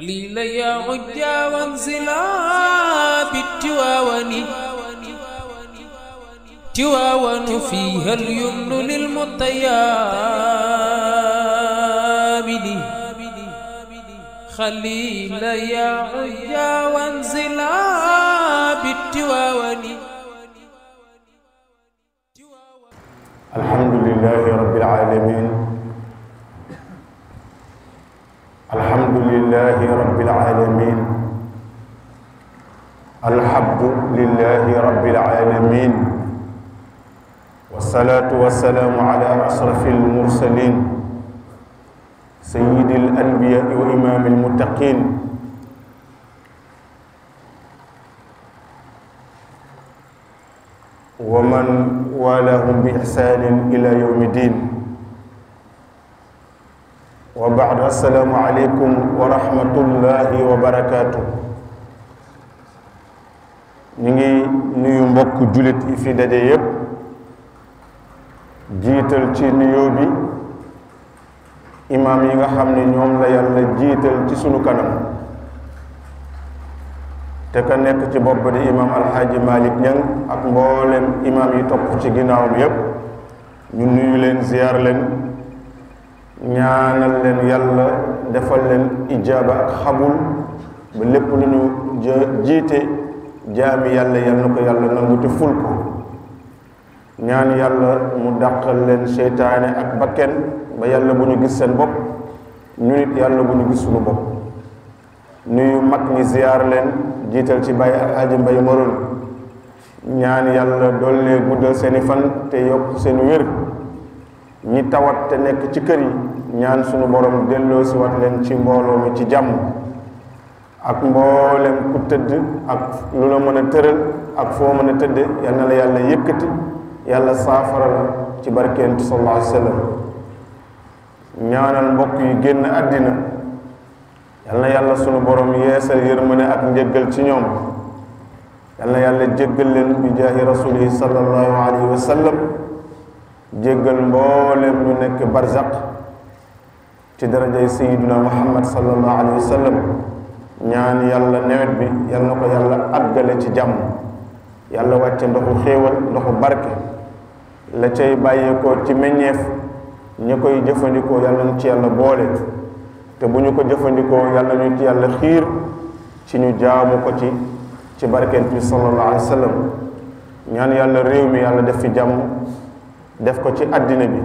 ليليا وجا وانزلا بالتواون تواون فيها اليمن للمطيامن خليل يا عيا وانزلا بالتواون الحمد لله رب العالمين الحمد لله رب العالمين الحمد لله رب العالمين والصلاة والسلام على أشرف المرسلين سيد الأنبياء وإمام المتقين ومن والاهم بإحسان إلى يوم الدين wa baax assalaamu aleykum wa rahmatullahi wa barakaatu ñu ngi nuyu mbokk jullit yi fi daje yépp jiital ci nuyoo bi imaam yi nga xam ne ñoom la yàlla jiital ci sunu kanam te ka nekk ci bopp di imaam alxaaji Malick Niang ak mboolem imaam yi topp ci ginnaaw bi yépp ñu nuyu leen ziyaar leen ñaanal leen yàlla defal leen ijaaba ak xabul ba lépp lu ñu jiite jaami yàlla yàlla na ko yàlla nangute ful ko ñaan yàlla mu dàqal leen seytaane ak bakken ba yàlla bu ñu gis seen bopp ñu nit yàlla bu ñu gis suñu bopp nuyu mag ñi ziar leen jiital ci bàyyi alxaaji mbay maroon ñaan yàlla dollee guddal seeni fan te yokk seen wér ñi tawat te nekk ci kër yi ñaan sunu borom delloo si leen ci mbooloo mi ci jàmm ak mboolem ku tëdd ak lu la mën a tëral ak foo mën a tëdde yal na la yàlla yëkkati yàlla saafara la ci barkeentu sallallahu alayhi wa sallam ñaanal mbokk yi génn àddina yal na yàlla sunu borom yeesal yërmande ak njëggal ci ñoom yal na yàlla jéggal leen bi jaahi rasulihi sallallahu alayhi jéggal mbooleem ñu nekk barzaq ci darajay sayiduna muhammad sallallahu alayhi wa sallam ñaan yàlla nawet bi yàlla na ko yàlla àggale ci jàmm yàlla wàcce ndoxu xéewal ndoxu barke la cay bàyyeekoo ci meññeef ñu koy jëfandikoo yàlla ñu ci yàlla boole te bu ñu ko jëfandikoo yàlla ñu ci yàlla xiir ci ñu jaamu ko ci ci barkent bi sallallahu alayhi wa ñaan yàlla réew mi yàlla def fi jàmm def ko ci àddina bi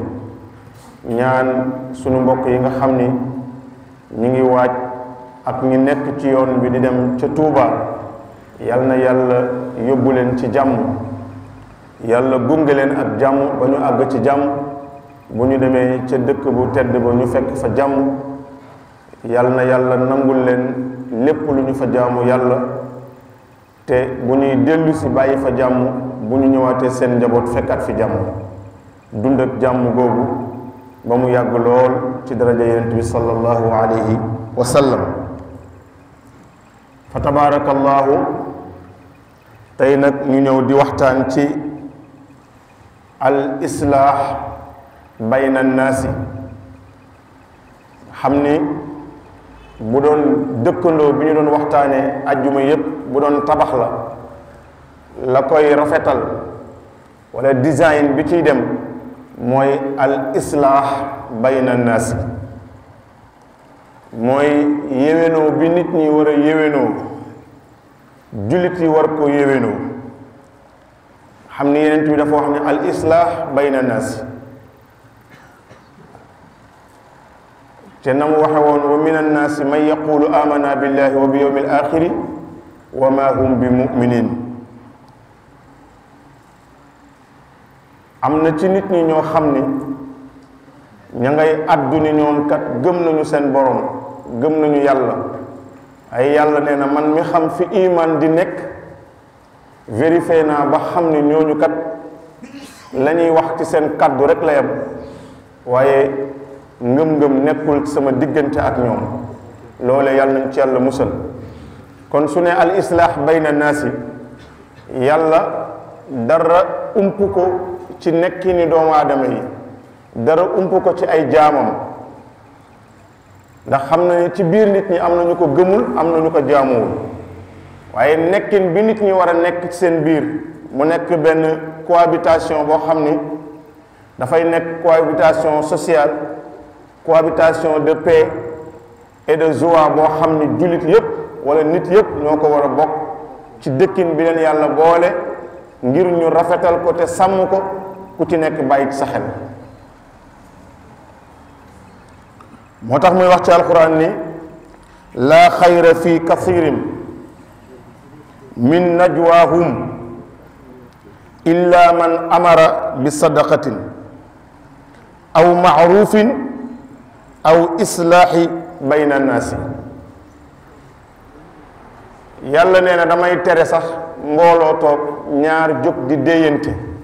ñaan sunu mbokk yi nga xam ni ñu ngi waaj ak ñu nekk ci yoon bi di dem ca Tuuba yal na yàlla yóbbu leen ci jàmm yàlla gunge leen ak jàmm ba ñu àgg ci jàmm bu ñu demee ca dëkk bu tedd ba ñu fekk fa jàmm yal na yàlla nangul leen lépp lu ñu fa jaamu yàlla te bu ñuy dellu si bàyyi fa jàmm bu ñu ñëwaatee seen njaboot fekkaat fi jàmm dund ak jàmm googu ba mu yàgg lool ci daraja yonent bi sallallahu alayhi wa sallam fa tabaarakallaahu tey nag ñu ñëw di waxtaan ci al islaax bayna naasi xam ni bu doon dëkkandoo bi ñu doon waxtaanee ajjuma yépp bu doon tabax la la koy rafetal walla design bi ciy dem mooy al islaax bayna naas mooy yéwénoo bi nit ñi war a yéwénoo jullit yi war ko yéwénoo xam ni yeneen bi dafa wax ne al islaax bayna naas te na mu waxe woon wa min annaasi man yaqulu amana billahi wa bi yawmi al wa ma hum bi muminin am na ci nit ñi ñoo xamni ña ngay addu ni ñoom kat gëm nañu seen borom gëm nañu yalla ay yalla neena na man mi xam fi iman di nek vérifier na ba xamni ni ñooñu kat lañuy wax ci seen kaddu rek la yam waye ngëm-ngëm nekkul sama digënté ak ñoom loole yalla nañ ci yalla musal kon suné al islah bayna nasi, yalla dara umpuko ko ci nekkini doomu aadama yi dara ump ko ci ay jaamam ndax xam na ne ci biir nit ñi am na ñu ko gëmul am na ñu ko jaamuwul waaye nekkin bi nit ñi war a nekk ci seen biir mu nekk benn cohabitation boo xam ni dafay nekk cohabitation sociale cohabitation de paix et de joie boo xam ni julit yëpp wala nit yëpp ñoo ko war a bokk ci dëkkin bi leen yàlla boole ngir ñu rafetal ko te sàmm ko ku ci nekk bàyyi sa xel moo tax muy wax ci alquran ni laa xayra fi kathirin min najwaahum illa man amara bi sadaqatin aw maarufin aw islaaxi bayna naasi yàlla nee na damay tere sax mbooloo toog ñaar jóg di déyante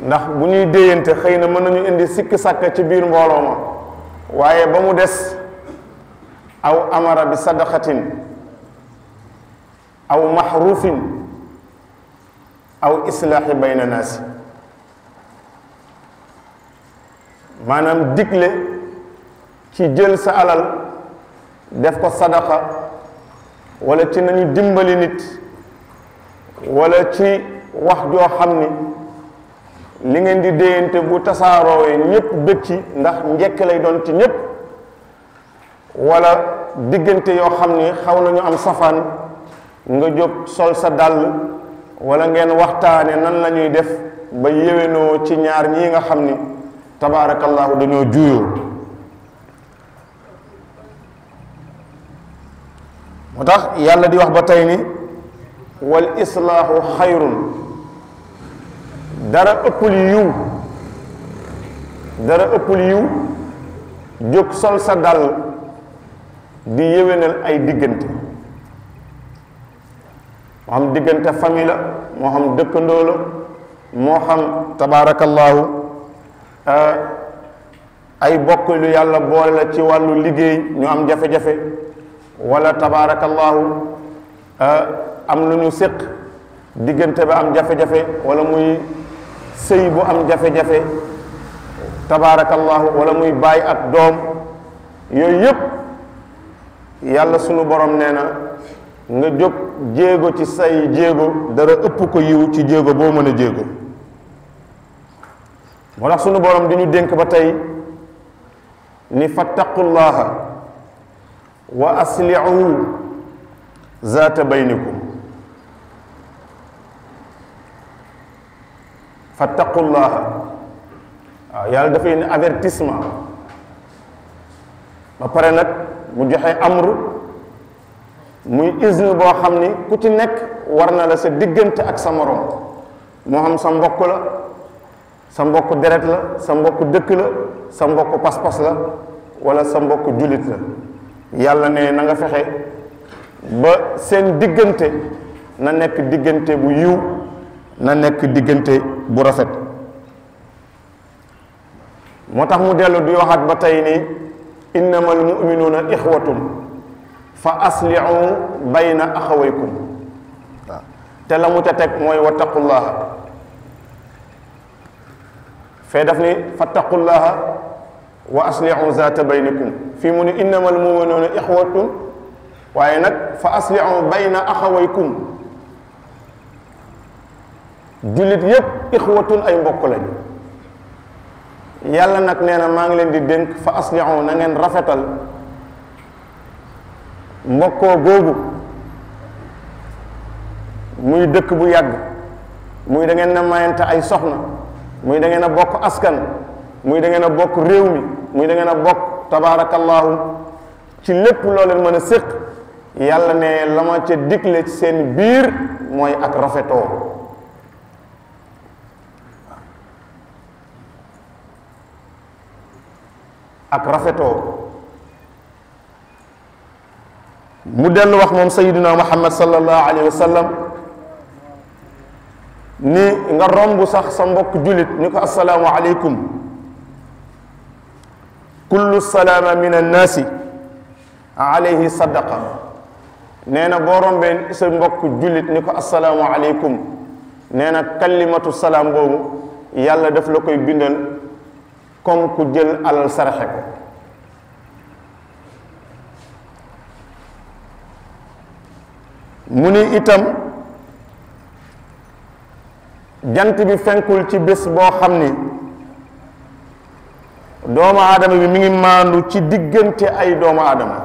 ndax bu ñuy déyante xëy na mën nañu indi sikki sàkka ci biir mbooloo ma waaye ba mu des aw amara bi sadaqatin aw maxruufin aw islaaxi bayna naasi maanaam digle ci jël sa alal def ko sadaqa walla ci nañu dimbali nit wala ci wax joo xam ni li ngeen di déyante bu tasaaroowee ñëpp bëgg ci ndax njekk lay doon ci ñëpp wala diggante yoo xam ni xaw nañu am safaan nga jóg sol sa dàll wala ngeen waxtaane nan lañuy def ba yéwénoo ci ñaar ñi nga xam ni tabaarakallaahu dañoo juyoo moo tax yàlla di wax ba tey ni wal islaahu xayrun dara ëppul yiw dara ëppul yiw jóg sol sa dal di yéwénal ay diggante moo xam diggante famille la moo xam dëkkandoo la moo xam tabaarakallaahu eh, ay bokk yàlla boole la ci wàllu liggéey ñu am jafe-jafe wala tabaarakallaahu eh, am lu ñu séq diggante ba am jafe-jafe wala muy sëy bu am jafe-jafe tabaarakallahu wala muy bàyyi ak doom yooyu yépp yàlla sunu borom nee na nga jóg jéego ci say jéego dara ëpp ko yiw ci jéego boo mën a jéego moo tax sunu borom di ñu dénk ba tey ni fattaqullaha wa asliu zaata baynikum فاتقوا الله آه، يالا دافاي ني افيرتيسمان ما بارا نك مو جوخي امر موي اذن بو خامني كوتي نيك وارنا لا سا ديغنت اك سامروم مو خام سا مبوك لا سا مبوك ديريت لا سا مبوك دك لا سا مبوك باس باس لا ولا سا مبوك جوليت لا يالا ني نغا فخي با سين ديغنت نا نيك ديغنت بو يو na nekk diggante bu rafet moo tax mu dellu di waxat ba tey ni innama al muminuuna ixwatum fa asliu bayna axawaykum te la mu ca teg mooy wattaqullaha fee daf ni fattaqullaha wa asliu zaata baynikum fii mu ni innama al muminuuna ixwatum waaye nag fa asliu bayna axawaykum jullit yépp ixwatun ay mbokk lañu yàlla nag nee na maa ngi leen di dénk fa aslihu na ngeen rafetal mbokkoo googu muy dëkk bu yàgg muy dangeen na mayante ay soxna muy dangeen a bokk askan muy dangeen a bokk réew mi muy da a bokk tabaarakallaahu ci lépp loo leen mën a séq yàlla ne la ma ca digle ci seen biir mooy ak rafetoo ak rafetoo mu den wax mom sayyidina muhammad sallallahu alayhi wasallam ni nga rombu sax sa mbok julit ni ko assalamu aleykum kullu salama min an-nas alayhi sadaqa neena bo rombe sa mbok julit ni ko assalamu aleykum neena kalimatu salam boobu yàlla daf la koy bindal comme ku jël alal saraxe ko mu ni itam jant bi fenkul ci bés boo xam ni doomu aadama bi mi ngi maandu ci diggante ay doomu aadama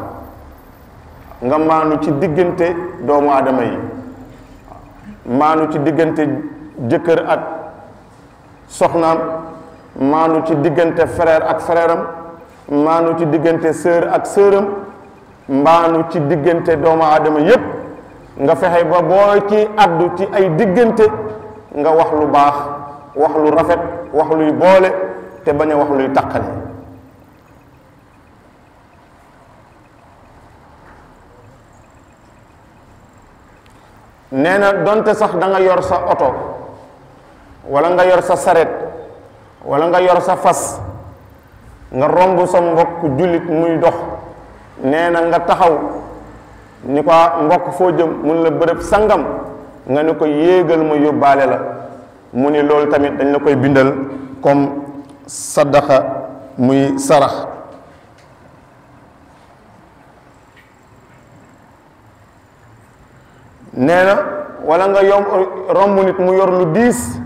nga maandu ci diggante doomu aadama yi maandu ci diggante jëkkër ak soxnaam maanu ci diggante frère ak frère am maanu ci diggante sër ak sœur am mbaanu ci diggante doomu aadama yépp nga fexe ba boo ci addu ci ay diggante nga wax lu baax wax lu rafet wax luy boole te bañ wax luy taqale nee na donte sax danga yor sa oto wala nga yor sa saret wala nga yor sa fas nga romb sa mbokk jullit muy dox nee na nga taxaw ni ko ah, mbokk foo jëm mun la bërëb sangam nga ni ko yéegal ma yóbbaale la mu ni loolu tamit dañ la koy bindal comme saddaxa muy sarax nee na wala nga yomb romb nit mu yor lu diis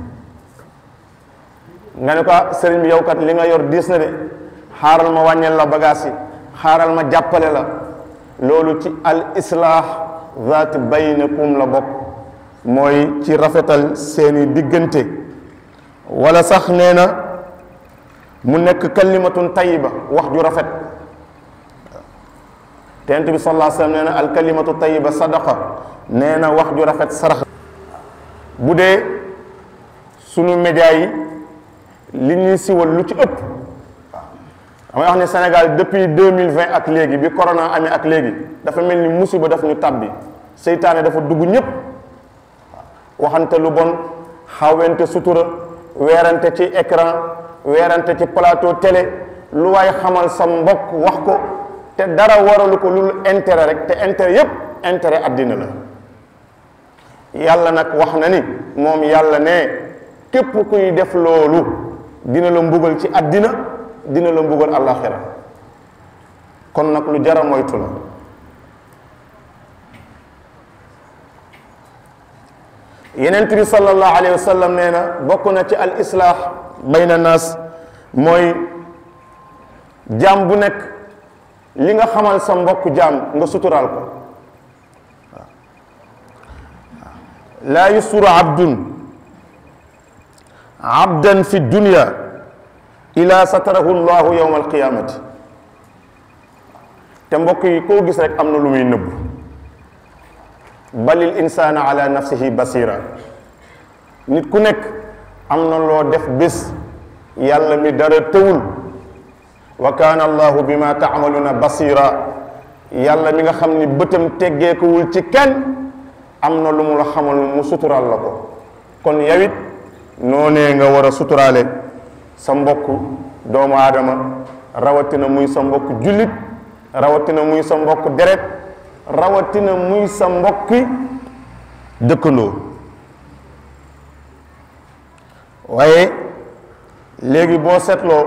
nga ne ko sëriñ bi yow kat li nga yor diis na de xaaral ma wàññel la bagaas xaaral ma jàppale la loolu ci al islah zaat baynakum la bok moy ci rafetal seeni diggante wala sax nee na mu nekk kalimatun tayiba wax ju rafet tente bi sallallahu alayhi wasallam nee al kalimatu tayiba sadaqa nee na wax ju rafet sarax bu sunu média yi li ñuy siwal lu ci ëpp waaw damay wax ne Sénégal depuis deux mille vingt ak léegi bi corona amee ak léegi dafa mel ni musiba daf ñu tàbbi seytaane dafa dugg ñëpp waxante lu bon xawente sutura weerante ci écran weerante ci plateau télé lu waay xamal sa mbokk wax ko te dara waralu ko lul intere rek te intérêt yépp intere àddina la yàlla nag wax na ni moom yàlla ne képp kuy def loolu dina la mbugal ci adina dina la mbugal alakhirah kon nak lu jara moytu la yenen tri sallallahu alayhi wasallam neena nee na ci al islah bayna nas moy jam bu nek li nga xamal sa mbokk jam nga sutural ko la yusuru abdun abdan fi dunya الى ستره الله يوم القيامه تم بوكي كو غيس رك امنا لومي نيب بل الانسان على نفسه بصيرا نيت كو نيك امنا لو ديف بيس يالا وكان الله بما تعملون بصيرا يالا ميغا خامني بتم تيغيكو ول سي كين امنا لومو خامل مو سوترال نوني nga wara suturalé sa mbokk doomu aadama rawatina muy sa mbokk jullit rawatina muy sa mbokk deret rawatina muy sa mbokki dëkkandoo waaye léegi boo seetloo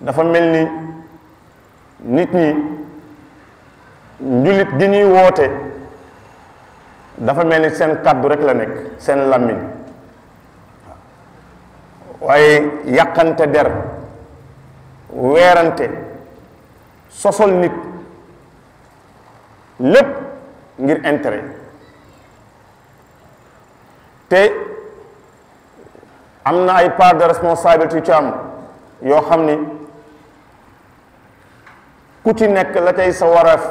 dafa mel ni nit ñi njullit gi ñuy woote dafa mel ni seen kàddu rekk la nekk seen làmmiñ waaye yàqante der weerante sosol nit lépp ngir intérêt te am na ay part de responsabilité yu ci am yoo xam ni ku ci nekk la tey sa wareef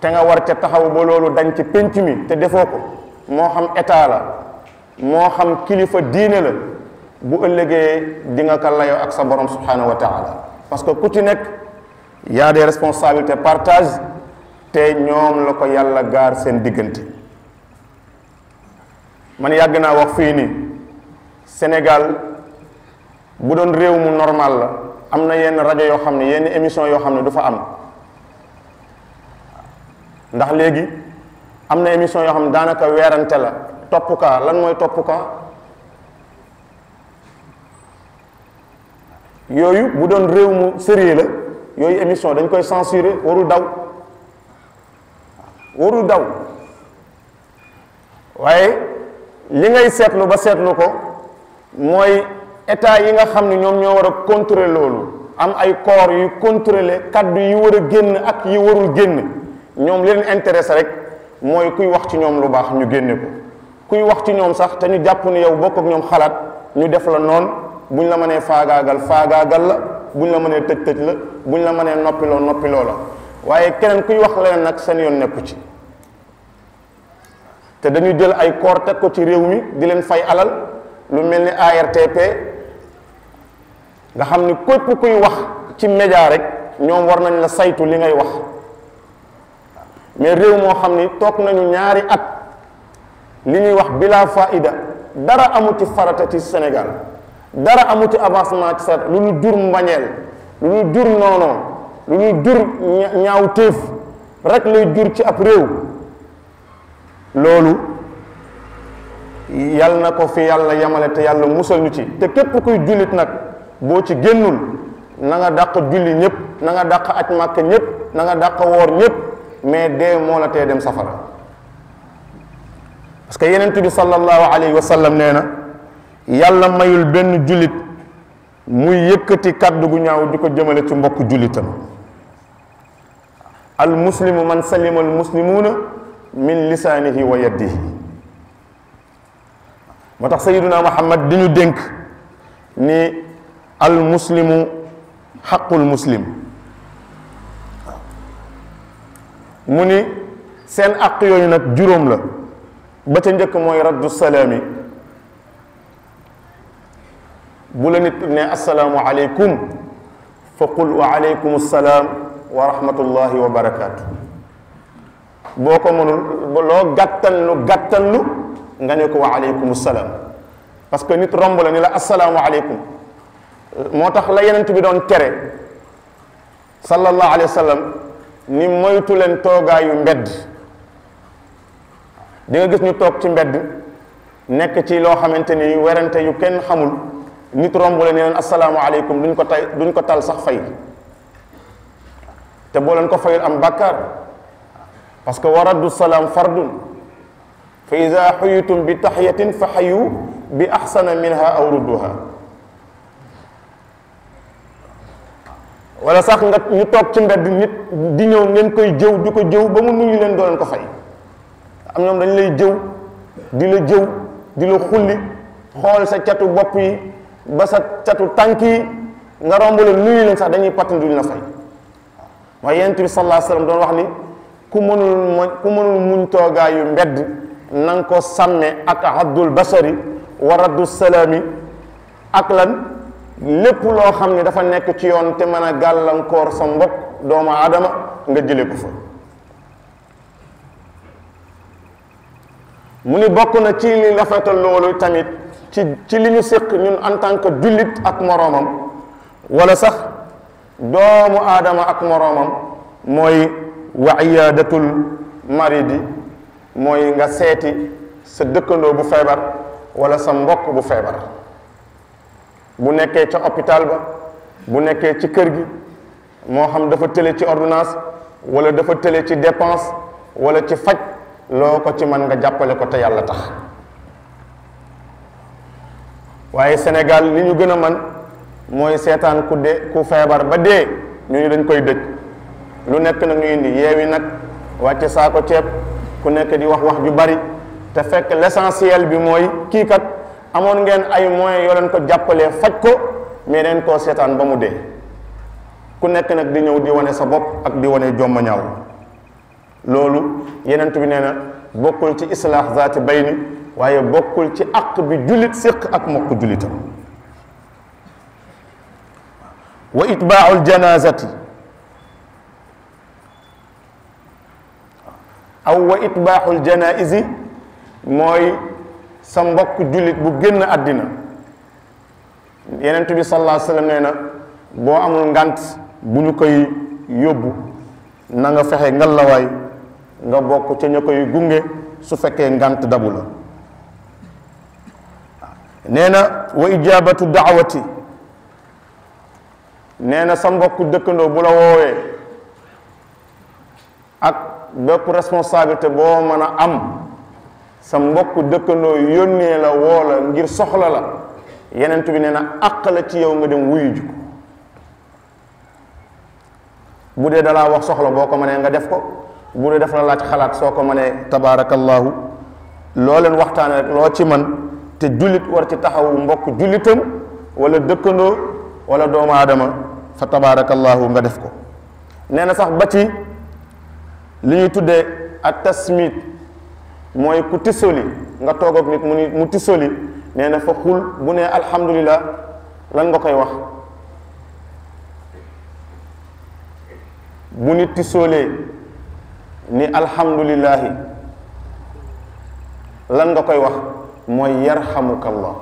te nga war ca taxaw ba loolu dañ ci pénc mi te defoo ko moo xam état la moo xam kilifa diine la bu ëllëgee dinga nga layoo ak sa borom subhanahu wa taala parce que ku ci nekk y a des partage te ñoom la ko yàlla gaar seen diggante man yàgg naa wax fii nii Sénégal bu doon réew mu normal la am na yenn rajo yoo xam ne yenn émission yoo xam ne du fa am ndax léegi am na émission yoo xam ne daanaka weerante la topp kaa lan mooy topp kaa yooyu bu doon réew mu sérier la yooyu émission dañ koy censurer warul daw warul daw waaye li ngay seetlu ba seetlu ko mooy état yi nga xam ni ñoom ñoo war a contrôler loolu am ay corps yu contrôler kaddu yi war a génn ak yi warul génn ñoom li leen intéressé rek mooy kuy wax ci ñoom lu baax ñu génne ko kuy wax ci ñoom sax te ñu jàpp ne yow bokk ak ñoom xalaat ñu def la noonu buñ la mënee faagaagal faagaagal la buñ la mënee tëj tëj la buñ la mënee noppiloo noppiloo la waaye keneen kuy wax leen nag seen yoon nekku ci te dañu jël ay koor ko ci réew mi di leen fay alal lu mel ni ARTP nga xam ni képp kuy wax ci média rek ñoom war nañ la saytu li ngay wax mais réew moo xam ni toog nañu ñaari at li ñuy wax bila faida dara amu ci farata ci senegal dara amu ci avancement ci sa lu ñuy jur mbañeel lu ñuy jur noonoo lu ñuy jur ñaaw téef rek lay jur ci ab réew loolu yal na ko fi yàlla yemale te yàlla musal ñu ci te képp kuy jullit nag boo ci génnul na nga dàq julli ñëpp na nga dàq aj màkk ñëpp na nga dàq woor ñëpp mais dee moo la tee dem safara parce que yenent bi sallallahu alayhi wa sallam nee na yàlla mayul benn jullit muy yëkkati kàddu gu ñaaw di ko jëmale ci mbokk jullitam al muslimu man salima al muslimuuna min lisaanihi wa yaddihi moo tax sayiduna muhammad di ñu dénk ni al muslimu xaqul muslim mu ni seen àq yooyu nag juróom la ba ca njëkk mooy raddu salaami بولا نيت السلام عليكم فقل وعليكم السلام ورحمه الله وبركاته بوكو مون لو غاتال لو غاتال لو غانيكو وعليكم السلام باسكو نيت رومبو لا السلام عليكم موتاخ لا يننت بي دون تيري صلى الله عليه وسلم ني مويتو لن توغا يو مبد ديغا غيس ني توك تي مبد نيك تي لو خامتيني ورانتي يو كين خامول nit romb leen ne leen asalaamaaleykum duñ ko tay duñ ko tal sax fay te boo leen ko fayul am bàkkaar parce que waraddu salaam fardun fa ida xuyitum bi taxiyatin fa xayu bi axsana minha aw rudduha wala sax nga ñu toog ci mbedd nit di ñëw ngeen koy jëw di ko jëw ba mu nuyu leen doo leen ko fay am ñoom dañ lay jëw di la jëw di la xulli xool sa catu bopp yi ba sa catu tànk yi nga romb leen nuyu leen sax dañuy patin duñ la fay waaye yonent bi sallallahu alayhi wasallam doon wax ni ku mënul muñ ku mënul muñ toogaayu mbedd na nga ko sàmme ak abdul basari wa raddu salaami ak lan lépp loo xam ne dafa nekk ci yoon te mën a gàllankoor sa mbokk doomu aadama nga jële ko fa mu ni bokk na ci li rafetal loolu tamit ci ci li ñu séq ñun en tant que jullit ak moroomam wala sax doomu aadama ak moroomam mooy wa iyaadatul maridi mooy nga seeti sa dëkkandoo bu feebar wala sa mbokk bu feebar bu nekkee ca hôpital ba bu nekkee ci kër gi moo xam dafa tële ci ordonnance wala dafa tële ci dépense wala ci faj loo ko ci man nga jàppale ko te yàlla tax waaye Sénégal li ñu gën a man mooy seetaan ku de ku feebar ba dee ñu ñu dañ koy dëj lu nekk nag ñu indi yeewi nag wàcce saako ceeb ku nekk di wax wax ju bari te fekk l'essentiel bi mooy kii kat amoon ngeen ay moyens yoo leen ko jàppalee faj ko mais neen koo seetaan ba mu dee ku nekk nag di ñëw di wane sa bopp ak di wane jomma ñaaw loolu yenent bi nee na bokkul ci islaax zaati bayni waaye bokkul ci àq bi jullit séq ak mokk jullitam wa itbaaul janazati aw wa itbaaxul janaizi mooy sa mbokk jullit bu génn àddina yenent bi sallallahu alayhi wasallam nee na boo amul ngant bu ñu koy yóbbu nanga nga fexe ngalawaay nga bokk ca ña koy gunge su fekkee ngant dabu la nee na wa ijabatu daawati nee na sa mbokku dëkkandoo bu la woowee ak bépp responsabilité boo mën a am sa mbokku dëkkandoo yónnee la woo la ngir soxla la yenent bi nee na àq la ci yow nga dem wuyu ji bu dee dalaa wax soxla boo ko mënee nga def ko bu dee def na laaj xalaat soo ko manee tabaarakallaahu loo leen waxtaane rek loo ci man te jullit war ci taxawu mbokk jullitam wala dëkkandoo wala doomu aadama fa tabaarakallaahu nga def ko nee na sax ba ci li ñuy tuddee ak tasmit mooy ku tisoli nga toog ak nit mu ni mu tisoli nee na fa xul bu ne alhamdulilah lan nga koy wax bu nit tisoolee ni alhamdulillah lan nga koy wax mooy yarhamukallah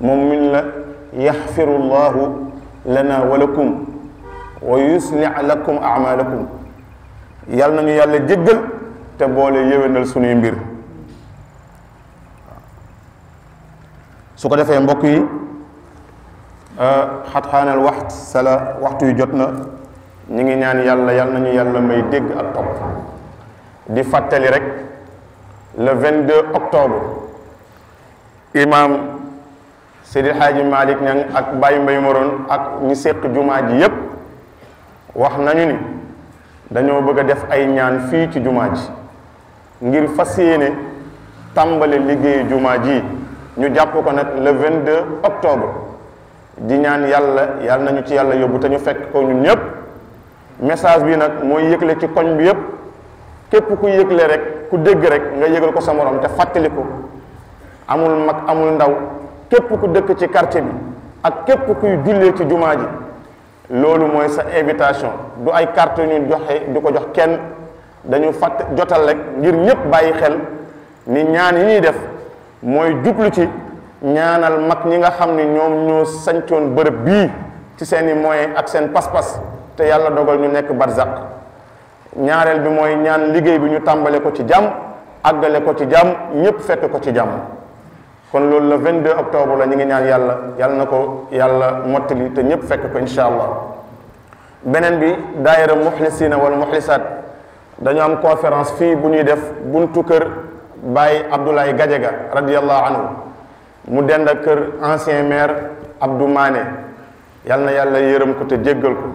mom min la yaxfiru Allah lana wa lakum wa yuslih lakum amalakum yal nañu yàlla djegal te bolé yéwénal suñu mbir su ko defé mbokk yi xatxaanal waxt sala waxtu yu jot na ñu ngi ñaan yàlla yal nañu yàlla may dégg ak top di fàttali rek le 22 octobre imam Seydil Hadji Malick Niang ak Baye Mbaye Morone ak ñi séq jumaa ji yépp wax nañu ni dañoo bëgg a def ay ñaan fii ci jumaa ji ngir fas yéene tàmbale liggéey jumaa ji ñu jàpp ko nag le 22 octobre di ñaan yàlla yàlla nañu ci yàlla yóbbu te ñu fekk ko ñun ñëpp message bi nag mooy yëgle ci koñ bi yépp képp ku yégle rek ku dégg rek nga yëgal ko sa morom te fàttali ko amul mag amul ndaw képp ku dëkk ci quartier bi ak képp kuy jullee ci jumaa ji loolu mooy sa invitation du ay carte ñu joxe du ko jox kenn dañu fàtt jotal rek ngir ñëpp bàyyi xel ni ñaan yi ñuy def mooy jublu ci ñaanal mag ñi nga xam ni ñoom ñoo sancoon bërëb bii ci seen seeni moyen ak seen pas-pas te yàlla dogal ñu nekk barzak ñaareel bi mooy ñaan liggéey bi ñu tàmbale ko ci jàmm àggale ko ci jàmm ñëpp fekk ko ci jàmm kon loolu la vingt 22 octobre la ñu ngi ñaan yàlla yàlla na ko yàlla mottali te ñëpp fekk ko incha allah beneen bi daayira muxlisina wala muxlisaat dañu am conférence fii bu ñuy def buntu kër Baye Abdoulaye Gadiaga radiallahu anhu mu dend ak kër ancien maire Abdou maane yàlla na yàlla yërëm ko te jéggal ko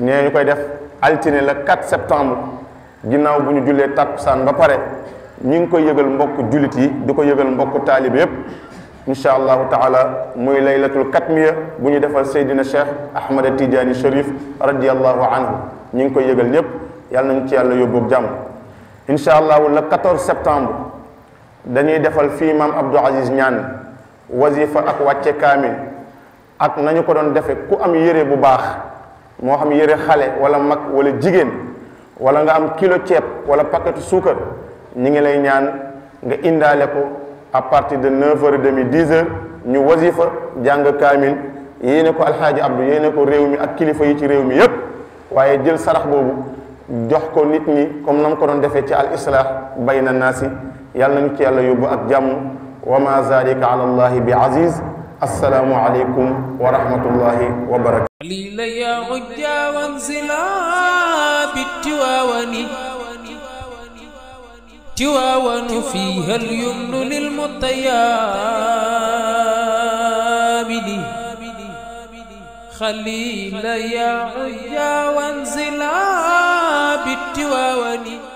nee ñu koy def altine le 4 septembre ginnaw buñu julé takusan ba pare ñi ngi koy yëgal mbokk julit yi diko yëgal mbokk talib yépp inshallah taala muy laylatul katmiya buñu defal sayyidina cheikh ahmad tidiani sharif radiallahu anhu ñi ngi koy yëgal ñëpp yàlla nañ ci yàlla yobbu jàmm inshallah le 14 septembre dañuy defal fi mam abdou aziz ñaan wazifa ak wàcce kamil ak nañu ko doon defe ku am yére bu baax mo xam yére xale wala mak wala jigen wala nga am kilo ceeb wala paquet suukar ñi ngi lay ñaan nga indalé ko à partir de 9 h 30 10 h ñu wazifa jàng kamil yene ko alxaaji abdou yene ko réew mi ak kilifa yi ci réew mi yépp waye jël sarax bobu jox ko nit ñi comme nam ko don defé ci al islah bayna nasi yàlla nañu ci yàlla yóbbu ak jàmm wa ma zalika ala allahi bi aziz السلام عليكم ورحمة الله وبركاته. ليلى يا عجا وانزلا بتواوني تواوان فيها اليمن للمطيابد خليل يا عجا وانزلا بتواوني